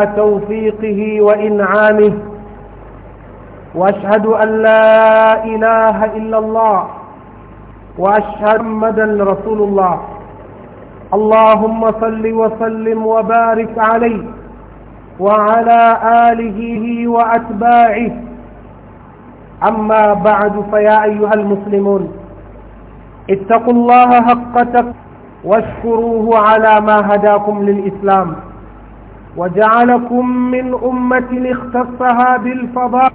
وتوفيقه وإنعامه وأشهد أن لا إله إلا الله وأشهد محمدا رسول الله اللهم صل وسلم وبارك عليه وعلى آله وأتباعه أما بعد فيا أيها المسلمون اتقوا الله حق واشكروه على ما هداكم للإسلام وجعلكم من أمة اختصها بالفضاء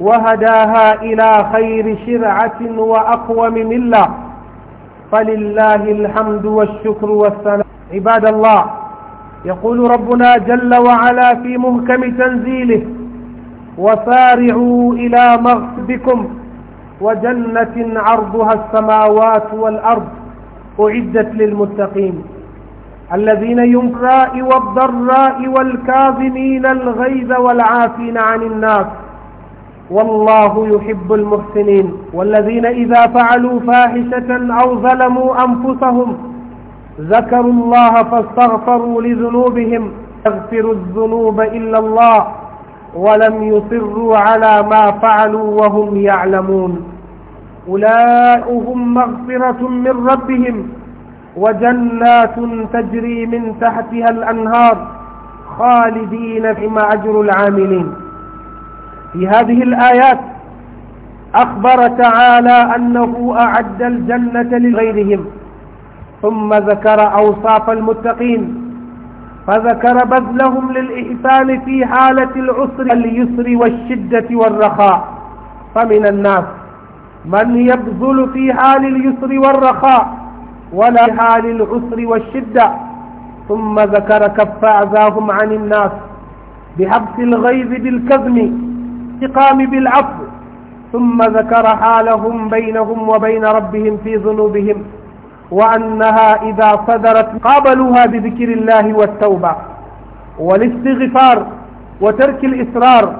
وهداها إلى خير شرعة وأقوم الله فلله الحمد والشكر والثناء عباد الله يقول ربنا جل وعلا في مهكم تنزيله وسارعوا إلى مغفبكم وجنة عرضها السماوات والأرض أعدت للمتقين الذين يمراء والضراء والكاظمين الغيظ والعافين عن الناس والله يحب المحسنين والذين إذا فعلوا فاحشة أو ظلموا أنفسهم ذكروا الله فاستغفروا لذنوبهم يغفر الذنوب إلا الله ولم يصروا على ما فعلوا وهم يعلمون أولئهم مغفرة من ربهم وجنات تجري من تحتها الأنهار خالدين فيما أجر العاملين في هذه الآيات أخبر تعالى أنه أعد الجنة لغيرهم ثم ذكر أوصاف المتقين فذكر بذلهم للإحسان في حالة العسر اليسر والشدة والرخاء فمن الناس من يبذل في حال اليسر والرخاء ولا حال العسر والشدة ثم ذكر كف أعزاهم عن الناس بحبس الغيظ بالكظم استقام بالعفو ثم ذكر حالهم بينهم وبين ربهم في ذنوبهم وأنها إذا صدرت قابلوها بذكر الله والتوبة والاستغفار وترك الإسرار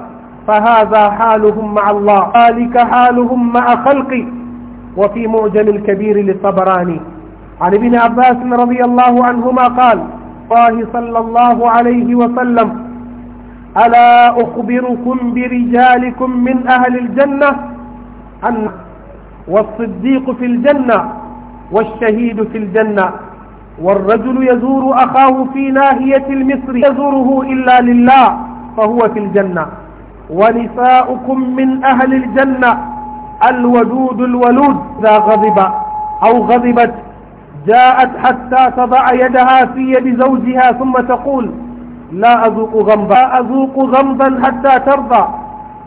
فهذا حالهم مع الله ذلك حالهم مع خلقي وفي معجم الكبير للطبراني عن ابن عباس رضي الله عنهما قال الله صلى الله عليه وسلم ألا أخبركم برجالكم من أهل الجنة أن والصديق في الجنة والشهيد في الجنة والرجل يزور أخاه في ناهية المصر يزوره إلا لله فهو في الجنة ونساؤكم من أهل الجنة الودود الولود إذا غضب أو غضبت جاءت حتى تضع يدها في يد زوجها ثم تقول لا أذوق غمبا لا أذوق غمبا حتى ترضى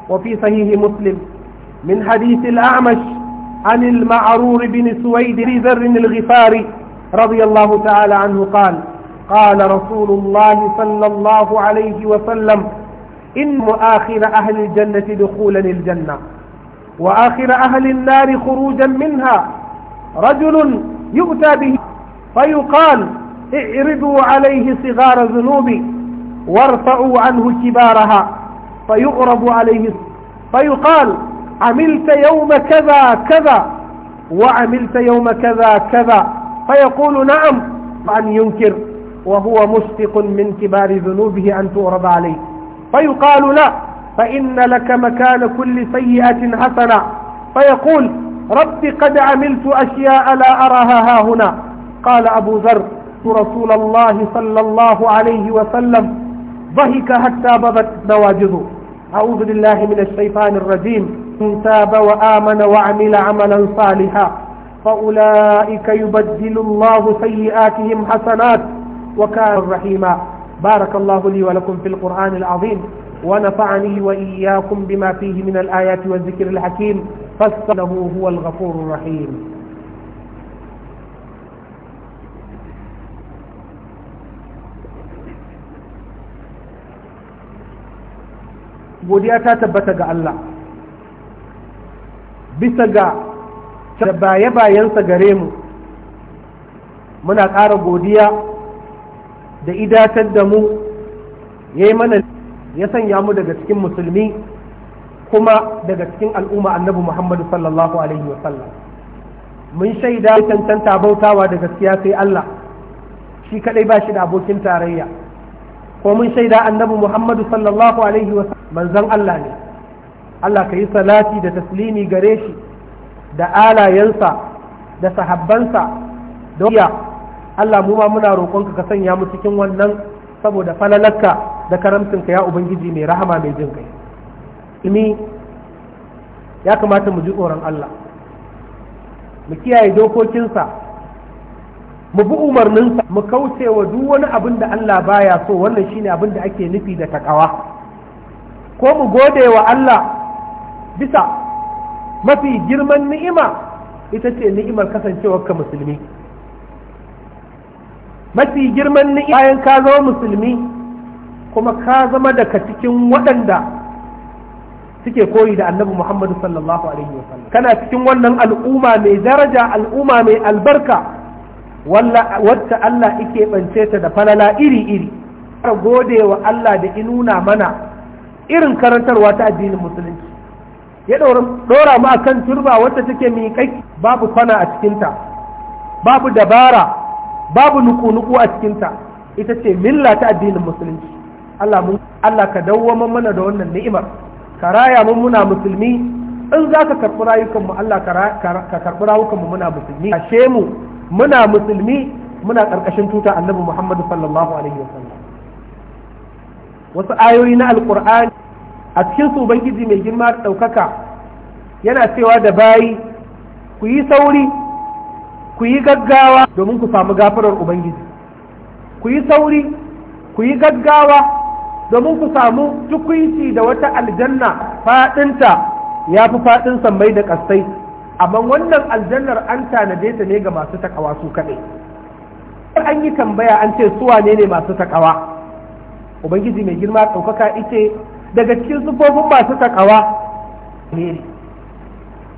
وفي صحيح مسلم من حديث الأعمش عن المعرور بن سويد ذر الغفاري رضي الله تعالى عنه قال قال رسول الله صلى الله عليه وسلم إن آخر أهل الجنة دخولا الجنة وآخر أهل النار خروجا منها رجل يؤتى به فيقال اعرضوا عليه صغار الذنوب وارفعوا عنه كبارها فيعرض عليه فيقال عملت يوم كذا كذا وعملت يوم كذا كذا فيقول نعم أن ينكر وهو مشفق من كبار ذنوبه أن تعرض عليه فيقال لا فإن لك مكان كل سيئة حسنة فيقول رب قد عملت أشياء لا أراها ها هنا قال أبو ذر رسول الله صلى الله عليه وسلم ضحك حتى بدت نواجذه أعوذ بالله من الشيطان الرجيم من تاب وآمن وعمل عملا صالحا فأولئك يبدل الله سيئاتهم حسنات وكان رحيما بارك الله لي ولكم في القرآن العظيم ونفعني وإياكم بما فيه من الآيات والذكر الحكيم فاستغفره هو الغفور الرحيم godiya ta tabbata ga Allah bisa ga baye-bayensa gare mu muna ƙara godiya da idatar da mu ya yi mana ya sanya mu daga cikin musulmi kuma daga cikin al'umma annabi Muhammadu sallallahu alaihi wa sallam mun shaida cancanta bautawa da gaskiya sai Allah shi kadai ba shi da abokin tarayya ko mun shaida annabi Muhammadu sallallahu alaihi wa manzon Allah ne Allah ka yi salati da taslimi gare shi da alayensa da sahabbansa da Allah mu ma muna roƙonka ka sanya mu cikin wannan saboda falalarka da karamcinka ya ubangiji mai rahama mai jin kai musulmi ya kamata mu ji tsoron Allah mu kiyaye dokokinsa mu bi umarninsa mu kauce wa duk wani abin da Allah baya so wannan shine abin da ake nufi da takawa ko mu gode wa Allah bisa mafi girman ni'ima ita ce ni'imar kasancewarka musulmi mafi girman ni'ima bayan ka zama musulmi kuma ka zama daga cikin waɗanda suke koyi da annabi Muhammadu sallallahu alaihi sallam kana cikin wannan al'umma mai daraja al'umma mai albarka wacce Allah ike bance ta da falala iri-iri gode wa Allah da inuna mana irin karantarwa ta addinin musulunci ya ɗora mu akan turba wacce take miƙai babu kwana a cikinta babu dabara babu nuku-nuku a cikinta ita ce milla ta addinin musulunci Allah ka dawwama mana da wannan ni'imar Karaya mun muna musulmi in za ka karɓi rayukan mu Allah ka karɓi rayukan mu muna musulmi ashe mu muna musulmi muna ƙarƙashin tuta annabi Muhammadu sallallahu alaihi wa sallam. wasu ayoyi na alƙur'ani a cikin su ubangiji mai girma ɗaukaka yana cewa da bayi ku yi sauri ku yi gaggawa domin ku samu gafarar ubangiji ku yi sauri ku yi gaggawa domin ku samu tukunci da wata aljanna faɗinta ya fi faɗin sammai da ƙasai amma wannan aljannar an tanade ta ne ga masu takawa su kaɗai an yi tambaya an ce suwa ne ne masu takawa ubangiji mai girma ɗaukaka ita daga cikin sufofin masu takawa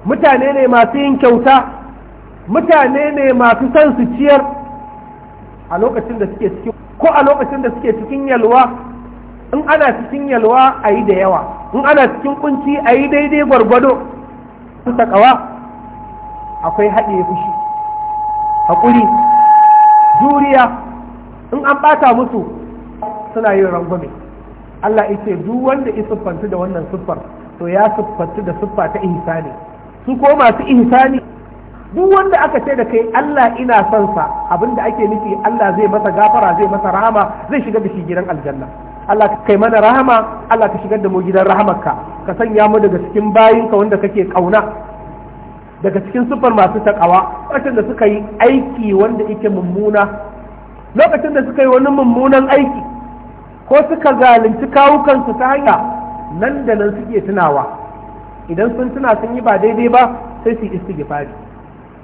mutane ne masu yin kyauta mutane ne masu son su ciyar a lokacin da suke cikin ko a lokacin da suke cikin yalwa in ana cikin yalwa a yi da yawa in ana cikin kunci a yi daidai gwargwado su takawa akwai haɗe fushi haƙuri juriya in an ɓata musu suna yin rangwame Allah ya ce duk wanda ya siffanta da wannan siffar to ya siffanta da siffa ta ihsani su ko masu ihsani duk wanda aka ce da kai Allah ina son sa abinda ake nufi Allah zai masa gafara zai masa rahama zai shiga da shi gidan aljanna Allah ka kai mana rahama Allah ka shigar da mu gidan rahamarka ka sanya mu daga cikin bayinka wanda kake kauna daga cikin sufar masu takawa lokacin da suka yi aiki wanda yake mummuna lokacin da suka yi wani mummunan aiki ko suka zalunci kawukansu ta hanya nan da nan suke tunawa idan sun tuna sun yi ba daidai ba sai su istighfari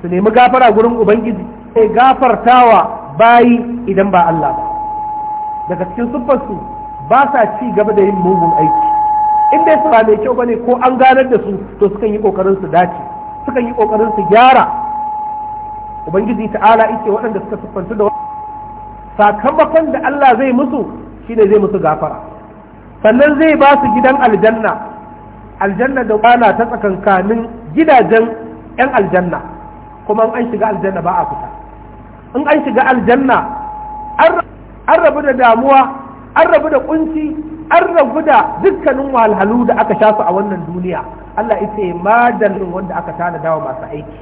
su nemi gafara gurin ubangiji sai gafartawa bayi idan ba Allah ba daga cikin siffarsu ba sa ci gaba da yin mugun aiki in dai ba mai kyau bane ko an ganar da su to sukan yi kokarin su dace sukan yi kokarin su gyara ubangiji ta'ala yake waɗanda suka siffanta da sakamakon da Allah zai musu shine zai musu gafara sannan zai ba su gidan aljanna aljanna da bana ta tsakankanin gidajen 'yan aljanna kuma an shiga aljanna ba a fita in an shiga aljanna an rabu da damuwa an rabu da kunci an rabu da dukkanin wahalhalu da aka sha su a wannan duniya Allah ita ma wanda aka tana dawa masu aiki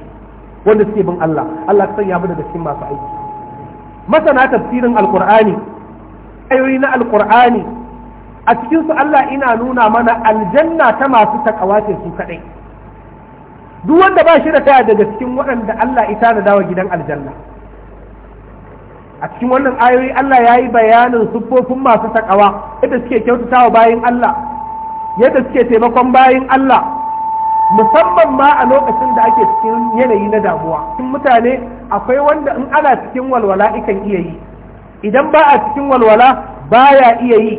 wanda suke bin Allah Allah sanya mu daga cikin masu aiki masana tafsirin alqur'ani ayoyi na alqur'ani a cikin su Allah ina nuna mana aljanna ta masu takawa ce su kadai duk wanda ba shi da taya daga cikin waɗanda Allah ya tanadawa dawa gidan aljanna a cikin wannan ayoyi Allah ya yi bayanin siffofin masu takawa yadda suke kyautata wa bayin Allah yadda suke taimakon bayin Allah musamman ma a lokacin da ake cikin yanayi na damuwa cikin mutane akwai wanda in ana cikin walwala ikan iya yi idan ba a cikin walwala ba ya iya yi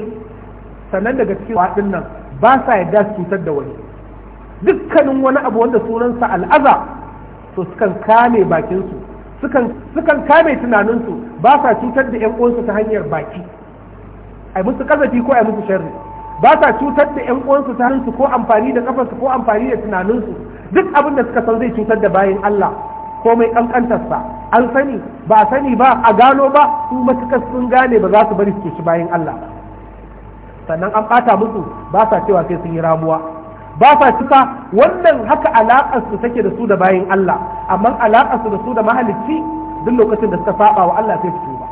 sannan daga cikin waɗin nan ba sa yarda su cutar da wani dukkanin wani abu wanda sunansa al'aza to sukan kame bakinsu sukan kame tunaninsu ba sa cutar da yan uwansu ta hanyar baki ai musu kazafi ko ai musu sharri ba sa cutar da yan uwansu ta hannunsu ko amfani da kafarsu ko amfani da tunaninsu duk abin da suka san zai cutar da bayan Allah ko komai kankantarsa an sani ba a sani ba a gano ba su matukar sun gane ba za su bari su shi bayan Allah sannan an ɓata musu ba sa cewa sai sun yi ramuwa ba sa cika wannan haka alaƙar su take da su da bayin Allah amma alaƙar su da su da mahalicci duk lokacin da suka saba wa Allah sai su tuba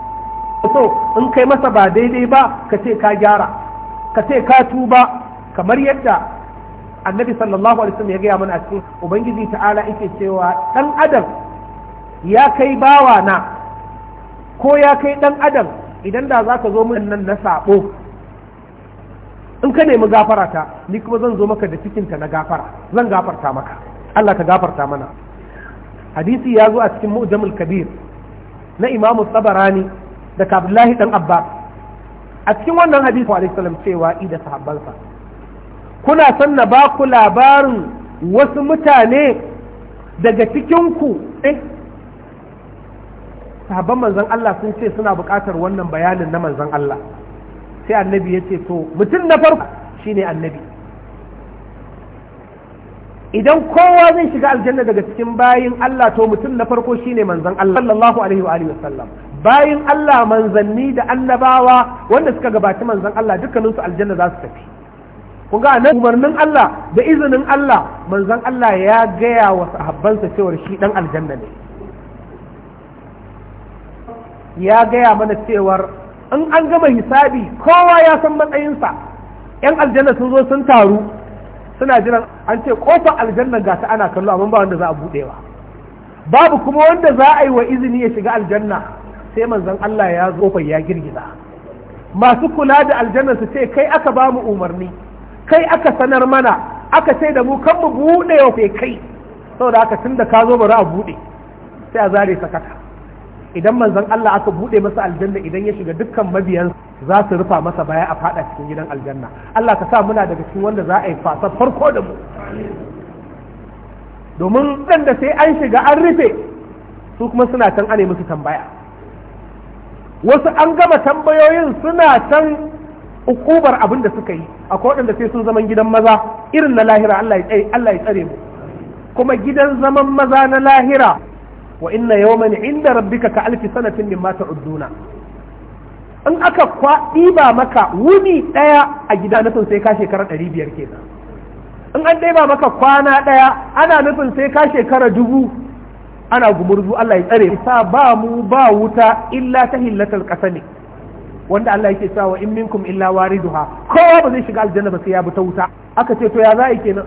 so in kai masa ba daidai ba ka ce ka gyara ka ce ka tuba kamar yadda annabi sallallahu alaihi wasallam ya gaya mana a cikin ubangiji ta'ala yake cewa dan adam ya kai bawa na ko ya kai dan adam idan da za ka zo mun nan na sabo in ka nemi gafara ta ni kuma zan zo maka da cikinta na gafara zan gafarta maka Allah ka gafarta mana hadisi ya zo a cikin mu'jamul kabir na imamu tsabarani da abdullahi dan abbas a cikin wannan hadisi wa alaihi cewa da sahabbansa kuna son na ba ku labarin wasu mutane daga cikinku eh sahabban manzon Allah sun ce suna buƙatar wannan bayanin na manzon Allah sai annabi ya ce to mutum na farko shine annabi idan kowa zai shiga aljanna daga cikin bayin Allah to mutum na farko shine manzon Allah sallallahu alaihi wa alihi wasallam bayin Allah manzanni da annabawa wanda suka gabaci manzon Allah dukkanin su aljanna za su tafi kun ga nan umarnin Allah da izinin Allah manzon Allah ya gaya wa sahabbansa cewa shi dan aljanna ne ya gaya mana cewar in an gama hisabi kowa ya san matsayinsa yan aljanna sun zo sun taru suna jiran an ce kofar aljanna ga ta ana kallo amma ba wanda za a buɗewa babu kuma wanda za a yi wa izini ya shiga aljanna sai manzon Allah ya zo ya girgiza masu kula da aljanna su ce kai aka ba mu umarni kai aka sanar mana aka ce da mu kan mu buɗe wa kai saboda haka tunda ka zo bari a buɗe sai a zare sakata idan manzon Allah aka bude masa aljanna idan ya shiga dukkan mabiyan za su rufa masa baya a fada cikin gidan aljanna Allah ka sa muna daga cikin wanda za a yi fasa farko da mu domin dan da sai an shiga an rufe su kuma suna can ane musu tambaya wasu an gama tambayoyin suna can ukubar abin da suka yi akwai waɗanda sai sun zaman gidan maza irin na lahira Allah ya tsare mu kuma gidan zaman maza na lahira wa inna yawman inda rabbika ka alfi sanatin mimma ta'udduna in aka ɗiba maka wuni ɗaya a gida nufin sai ka shekara ɗari biyar kenan in an ɗiba maka kwana ɗaya ana nufin sai ka shekara dubu ana gumurzu Allah ya tsare sa ba mu ba wuta illa ta hillatar ƙasa ne wanda Allah yake cewa in minkum illa wariduha kowa ba zai shiga aljanna ba sai ya bi ta wuta aka ce to ya za'i kenan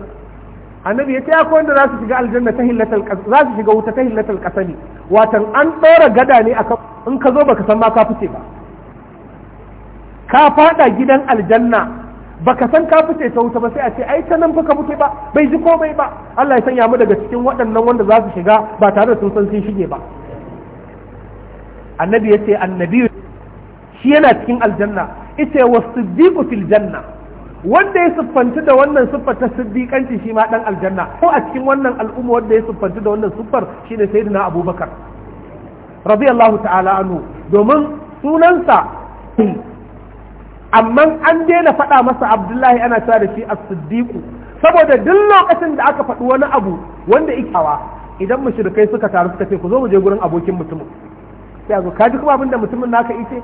annabi ya ce akwai wanda za su shiga aljanna ta hillatal za su shiga wuta ta hillatal qasami watan an ɗora gada ne akan in ka zo baka san ma ka fice ba ka fada gidan aljanna baka san ka fice ta wuta ba sai a ce ai ta nan fa ka fice ba bai ji komai ba Allah ya sanya mu daga cikin waɗannan wanda za su shiga ba tare da sun san sun shige ba annabi ya ce annabi shi yana cikin aljanna ita wasu fil janna wanda ya siffanci da wannan siffar ta siddiƙanci shi ma ɗan aljanna ko a cikin wannan al'umma wanda ya siffanci da wannan siffar sai na abubakar Allah ta'ala anu. domin sunansa amma an daina faɗa masa abdullahi ana cewa da shi a siddiƙu saboda duk lokacin da aka faɗi wani abu wanda ikawa idan mushrikai suka taru suka ce ku zo mu je gurin abokin mutumin sai a zo ka ji kuma abinda mutumin naka ite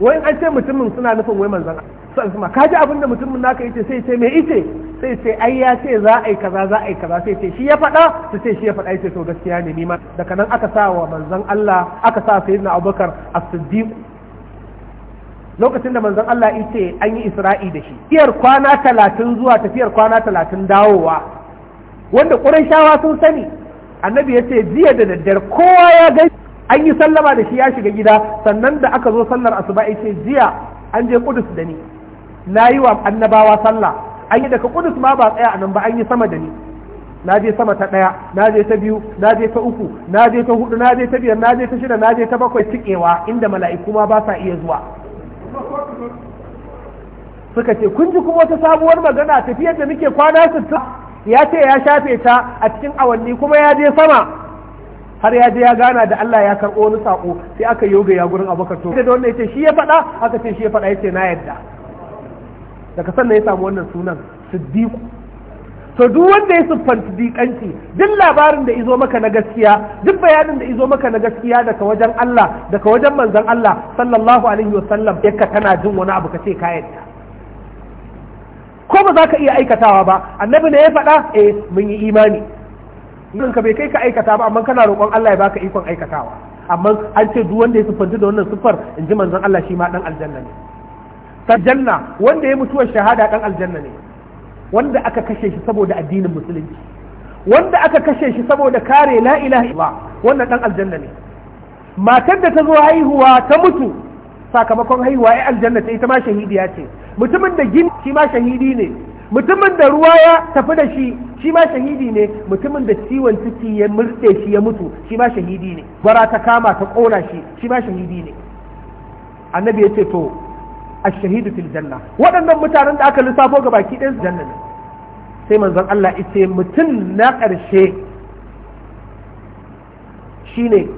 wai an ce mutumin suna nufin wai manzon san kuma ka ji abinda mutumin naka yace sai ce me ice sai ce ai ya ce za a yi kaza za a yi kaza sai ce shi ya faɗa su ce shi ya faɗa yace to gaskiya ne ni ma daga nan aka sa wa manzon Allah aka sa sayyidina Abubakar as-Siddiq lokacin da manzon Allah yace an yi Isra'i da shi tafiyar kwana talatin zuwa tafiyar kwana talatin dawowa wanda Qurayshawa sun sani annabi yace jiya da daddare kowa ya gani an yi sallama da shi ya shiga gida sannan da aka zo sallar asuba ya ce jiya an je kudus da ni na yi wa annabawa sallah an yi daga kudus ma ba tsaya a nan ba an yi sama da ni na je sama ta ɗaya na je ta biyu na je ta uku na je ta hudu na je ta biyar na je ta shida na je ta bakwai cikewa inda mala'iku ma ba sa iya zuwa suka ce kun ji kuma wata sabuwar magana tafiyar da muke kwana sittin ya ce ya shafe ta a cikin awanni kuma ya je sama har ya je ya gana da Allah ya karɓo wani sako sai aka yoga ya gurin abubakar to da wanda yace shi ya faɗa aka ce shi ya faɗa yace na yadda daga sannan ya samu wannan sunan siddiqu to duk wanda ya siffanci dikanci duk labarin da izo maka na gaskiya duk bayanin da izo maka na gaskiya daga wajen Allah daga wajen manzon Allah sallallahu alaihi wasallam ka kana jin wani abu kace ka yadda ko ba za ka iya aikatawa ba annabi ne ya faɗa eh mun yi imani ka bai kai ka aikata ba amma kana roƙon Allah ya baka ikon aikatawa amma an ce duk wanda ya siffanta da wannan siffar in ji manzon Allah shi ma dan aljanna ne janna wanda ya mutuwar shahada dan aljanna ne wanda aka kashe shi saboda addinin musulunci wanda aka kashe shi saboda kare la ilaha illallah wannan dan aljanna ne matar da ta zo haihuwa ta mutu sakamakon haihuwa ai aljanna ta ita ma shahidiya ce mutumin da gini shi ma shahidi ne mutumin da ruwa ya tafi da shi shi ma shahidi ne mutumin da ciwon ciki ya murɗe shi ya mutu shi ma shahidi ne bara ta kama ta ƙona shi shi ma shahidi ne annabi ya ce to a shahidu fil janna waɗannan mutanen da aka lissafo ga baki ɗayan janna ne sai manzon Allah ya mutum na ƙarshe shine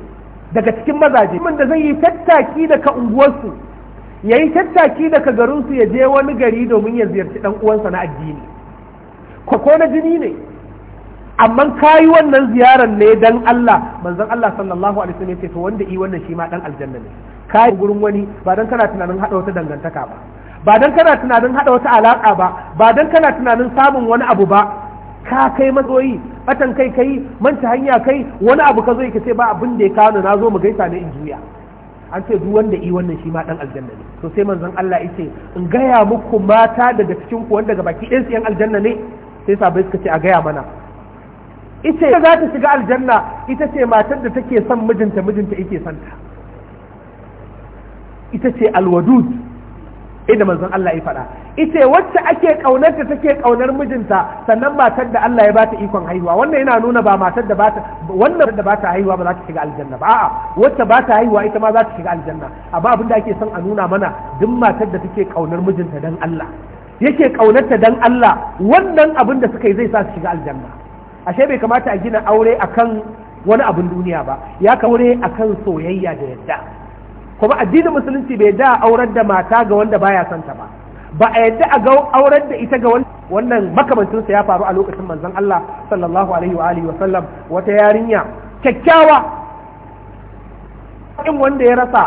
daga cikin mazaje mutumin da zai yi tattaki daga unguwarsu ya yi tattaki daga garinsu ya je wani gari domin ya ziyarci ɗan uwansa na addini ko na jini ne amma ka yi wannan ziyarar ne dan Allah manzon Allah sallallahu alaihi wasallam ya to wanda yi wannan shi ma dan aljanna ne ka yi gurin wani ba dan kana tunanin hada wata dangantaka ba ba dan kana tunanin hada wata alaka ba ba dan kana tunanin samun wani abu ba ka kai matsoyi batan kai kai manta hanya kai wani abu ka zo yake ce ba abin da ya kano na zo mu gaisa ne in juya an ce duk wanda i wannan shi ma dan aljanna ne to sai manzon Allah yace in gaya muku mata daga cikin ku wanda baki ɗayan su yan aljanna ne sai sabai suka ce a gaya mana ita za ta shiga aljanna ita ce matar da take son mijinta mijinta yake son ta ita ce alwadud inda manzon Allah ya faɗa ita wacce ake kaunar ta take kaunar mijinta sannan matar da Allah ya bata ikon haihuwa wannan yana nuna ba matar da bata wannan da bata haihuwa ba za ta shiga aljanna ba a'a wacce bata haihuwa ita ma za ta shiga aljanna amma abin da ake son a nuna mana duk matar da take kaunar mijinta dan Allah yake ta dan Allah wannan abin da suka yi zai sa su shiga aljanna ashe bai kamata a gina aure akan wani abin duniya ba ya kaure akan soyayya da yadda kuma addinin musulunci bai da aurar da mata ga wanda baya son ta ba ba a yadda a ga aurar da ita ga wannan makamancinsa ya faru a lokacin manzon Allah sallallahu alaihi wa alihi wa sallam wata yarinya kyakkyawa in wanda ya rasa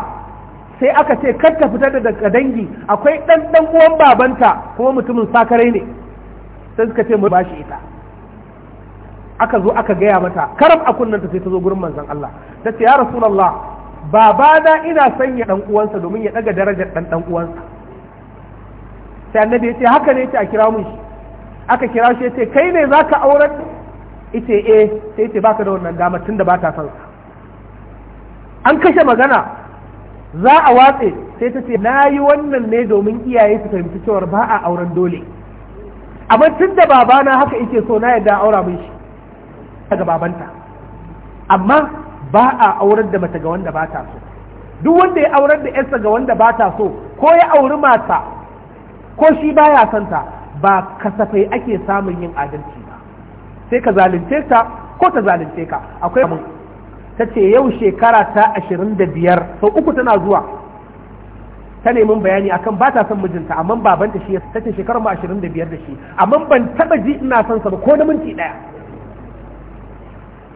sai aka ce kar ta fita daga dangi akwai dan dan uwan babanta kuma mutumin sakarai ne sai suka ce mu shi ita aka zo aka gaya mata karam a kunnan ta sai ta zo gurin manzon Allah ta ce ya rasulullah babana ina sanya dan uwansa domin ya daga darajar dan dan uwansa sai annabi yace haka ne yace a kira mun shi aka kira shi yace kai ne zaka aurar ita eh sai yace baka da wannan dama tunda ba ta son an kashe magana za a watse sai ta ce na yi wannan ne domin iyaye su fahimci cewar ba a auren dole amma tunda babana haka yake so na yadda aura mun shi daga babanta amma ba a aurar da mata ga wanda ba ta so duk wanda ya aurar da yarsa ga wanda ba ta so ko ya auri mata ko shi baya son ta ba kasafai ake samun yin adalci ba sai ka zalunce ta ko ta zalunce ka akwai mun ta ce yau shekara ta ashirin da biyar sau uku tana zuwa ta neman bayani akan ba ta son mijinta amma babanta shi ya tace shekarar mu ashirin da biyar da shi amma ban taba ji ina son sa ba ko na minti ɗaya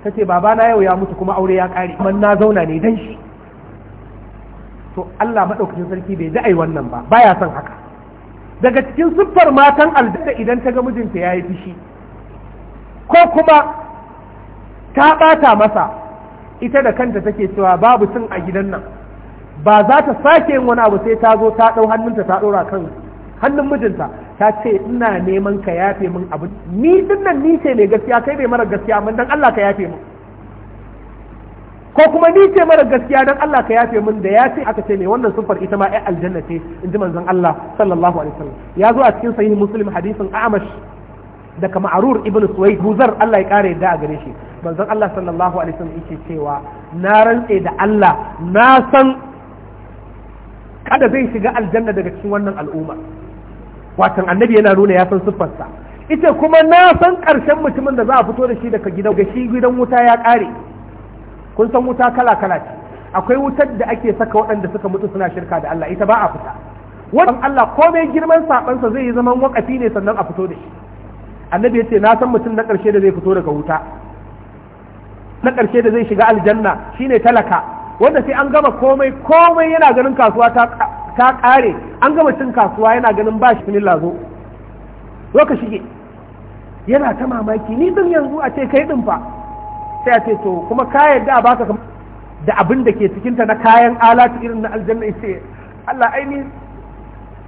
ta ce babana yau ya mutu kuma aure ya kare amma na zauna ne dan shi to Allah maɗaukacin sarki bai ji ai wannan ba baya son haka daga cikin siffar matan aljanna idan ta ga mijinta ya yi fushi ko kuma ta ɓata masa ita da kanta take cewa babu cin a gidan nan ba za ta sake yin wani abu sai ta zo ta dau hannunta ta ɗora kan hannun mijinta ta ce ina neman ka yafe min abu ni dinnan ni ce mai gaskiya kai bai mara gaskiya min dan Allah ka yafe min ko kuma ni ce mara gaskiya dan Allah ka yafe min da ya ce aka ce mai wannan sufar ita ma ai aljanna ce Inji ji manzon Allah sallallahu alaihi wasallam ya zo a cikin sahih muslim hadisin amash daga ma'arur ibn suwaid huzar Allah ya kare yadda a gare shi manzon Allah sallallahu alaihi wasallam yake cewa na rantse da Allah na san kada zai shiga aljanna daga cikin wannan al'umma watan annabi yana nuna ya san siffarsa ita kuma na san ƙarshen mutumin da za a fito da shi daga gidan ga shi gidan wuta ya ƙare kun san wuta kala kala ce akwai wutar da ake saka waɗanda suka mutu suna shirka da Allah ita ba a fita wannan Allah komai girman sabansa zai yi zaman wakafi ne sannan a fito da shi annabi ya ce na san mutum na ƙarshe da zai fito daga wuta na ƙarshe da zai shiga aljanna shine talaka wanda sai an gama komai komai yana ganin kasuwa ta ta ƙare an gama cin kasuwa yana ganin ba shi lazo zo ka shige yana ta mamaki ni din yanzu a ce kai din fa sai a ce to kuma ka yadda a baka da abin da ke cikinta na kayan alatu irin na aljanna sai Allah aini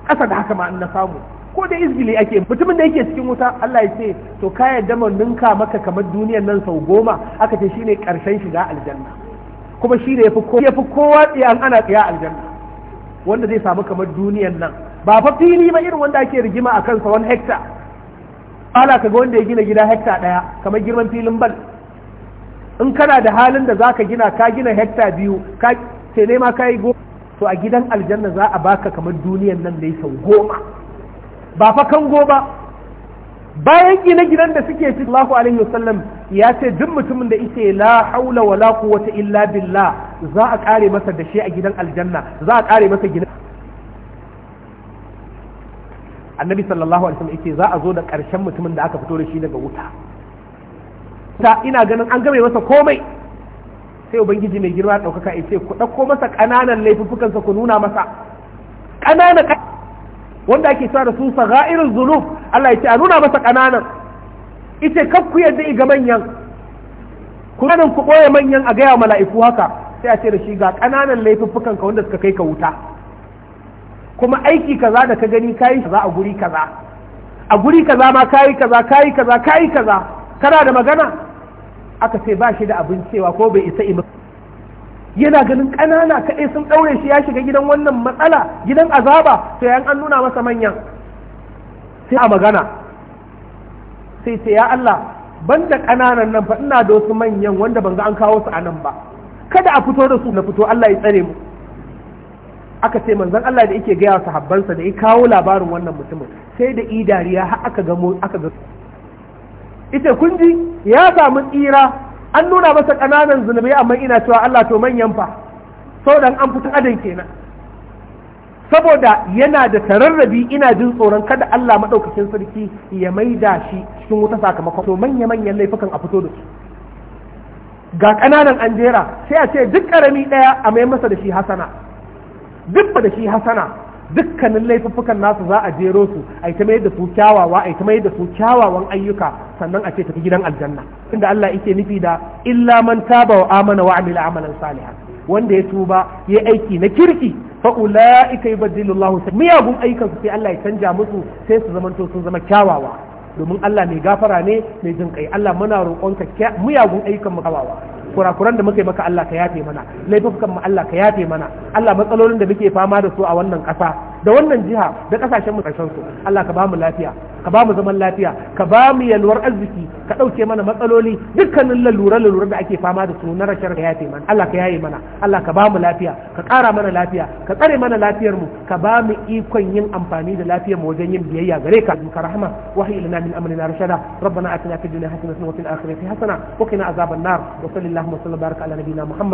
kasa da haka ma na samu ko da izgili ake mutumin da yake cikin wuta Allah ya ce to ka yadda mun ninka maka kamar duniyar nan sau goma aka ce shine karshen shiga aljanna kuma shine yafi kowa yafi kowa tsiya ana tsaya aljanna wanda zai samu kamar duniyan nan ba fa fili ba irin wanda ake rigima a kansa wani hekta ala kaga wanda ya gina gida hekta daya kamar girman filin bal in kana da halin da zaka gina ka gina hekta biyu ka sai ne ma ka yi goma to a gidan aljanna za a baka kamar duniyan nan da ya sau goma ba fa kan goma bayan gine gidan da suke fi Allahu alaihi wasallam ya ce duk mutumin da ita la haula wala quwwata illa billah za a kare masa da shi a gidan aljanna za a kare masa gidan annabi sallallahu alaihi wasallam yace za a zo da karshen mutumin da aka fito da shi daga wuta ta ina ganin an game masa komai sai ubangiji mai girma daukaka yace ku dauko masa kananan laifuffukansa ku nuna masa kananan wanda ake sa da su sagha'irul dhunub Allah yace a nuna masa kananan ita kaf yadda iga manyan ku nan ku ɓoye manyan a gaya mala'iku haka sai a ce da shi ga ƙananan laifuffukan ka wanda suka kai ka wuta kuma aiki kaza da ka gani kayi kaza a guri kaza a guri kaza ma kayi kaza kayi kaza kayi kaza kana da magana aka ce ba shi da abin cewa ko bai isa imi yana ganin ƙanana kaɗai sun ɗaure shi ya shiga gidan wannan matsala gidan azaba sai an nuna masa manyan sai a magana sai ce ya Allah ban da ƙananan nan fa ina da wasu manyan wanda ban ga an kawo su a nan ba kada a fito da su na fito Allah ya tsare mu aka ce manzon Allah da yake gaya sahabbansa da ya kawo labarin wannan mutumin sai da idariya har aka ga aka ga ita kun ya samu tsira an nuna masa ƙananan zunubi amma ina cewa Allah to manyan fa saboda an fita adan kenan saboda yana da tararrabi ina jin tsoron kada Allah maɗaukacin sarki ya maida shi cikin wuta sakamakon to manya manyan laifukan a fito da su ga ƙananan an jera sai a ce duk ƙarami ɗaya a mai masa da shi hasana duk da shi hasana dukkanin laifuffukan nasu za a jero su a yi ta mai da su kyawawa a yi ta mai da su kyawawan ayyuka sannan a ce tafi gidan aljanna inda Allah yake nufi da illa man taba wa amana wa amila amalan salihan wanda ya tuba ya aiki na kirki fa ulaika yubaddilu Allahu miyagun ayyukan su sai Allah ya canja musu sai su zamanto sun zama kyawawa domin Allah mai gafara ne mai jin Allah muna roƙonka miyagun ayyukan mu kyawawa kurakuran da muka yi Allah ka yafe mana laifukan mu Allah ka yafe mana Allah matsalolin da muke fama da su a wannan ƙasa da wannan jiha da ƙasashen mu ƙarshen Allah ka bamu lafiya ka ba mu zaman lafiya ka ba mu yalwar arziki ka ɗauke mana matsaloli dukkanin lalura lalura da ake fama da su na rashin ka yafe mana Allah ka yaye mana Allah ka ba mu lafiya ka ƙara mana lafiya ka tsare mana lafiyar mu ka ba mu ikon yin amfani da lafiyar mu wajen yin biyayya gare ka ka rahama wahyi lana min amrina rashada rabbana atina fid dunya hasanatan wa fil akhirati hasana wa qina azaban nar wa sallallahu wa sallam baraka ala nabiyyina muhammad